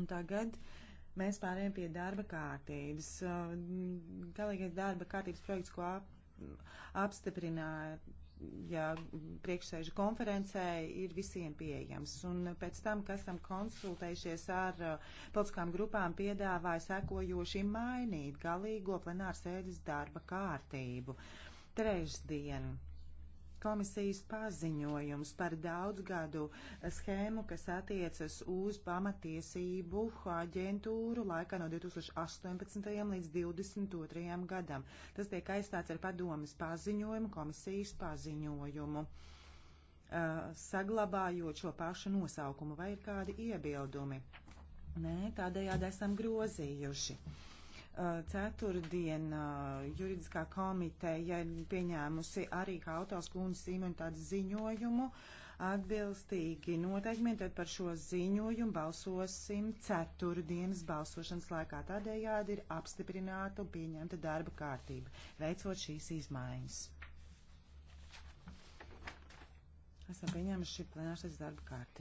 Un tagad mēs pārējām pie darba kārtības. Galīgais darba kārtības projekts, ko ap, apstiprināja ja priekšsēžu konferencē, ir visiem pieejams. Un pēc tam, kas tam konsultējušies ar politiskām grupām, piedāvāja sekojoši mainīt galīgo plenārsēdes darba kārtību. Trešdien komisijas paziņojums par daudzgadu schēmu, kas attiecas uz pamatiesību aģentūru laikā no 2018. līdz 2022. gadam. Tas tiek aizstāts ar padomas paziņojumu, komisijas paziņojumu. Uh, saglabājot šo pašu nosaukumu, vai ir kādi iebildumi? Nē, tādējādi esam grozījuši. Uh, Uh, Ceturtdienā uh, juridiskā komiteja ir pieņēmusi arī kā autors kundzes imunitātes ziņojumu atbilstīgi noteikumiem, tad par šo ziņojumu balsosim ceturtdienas balsošanas laikā. Tādējādi ir apstiprināta un pieņemta darba kārtība, veicot šīs izmaiņas. Esam pieņēmuši plenārsēdes darba kārtību.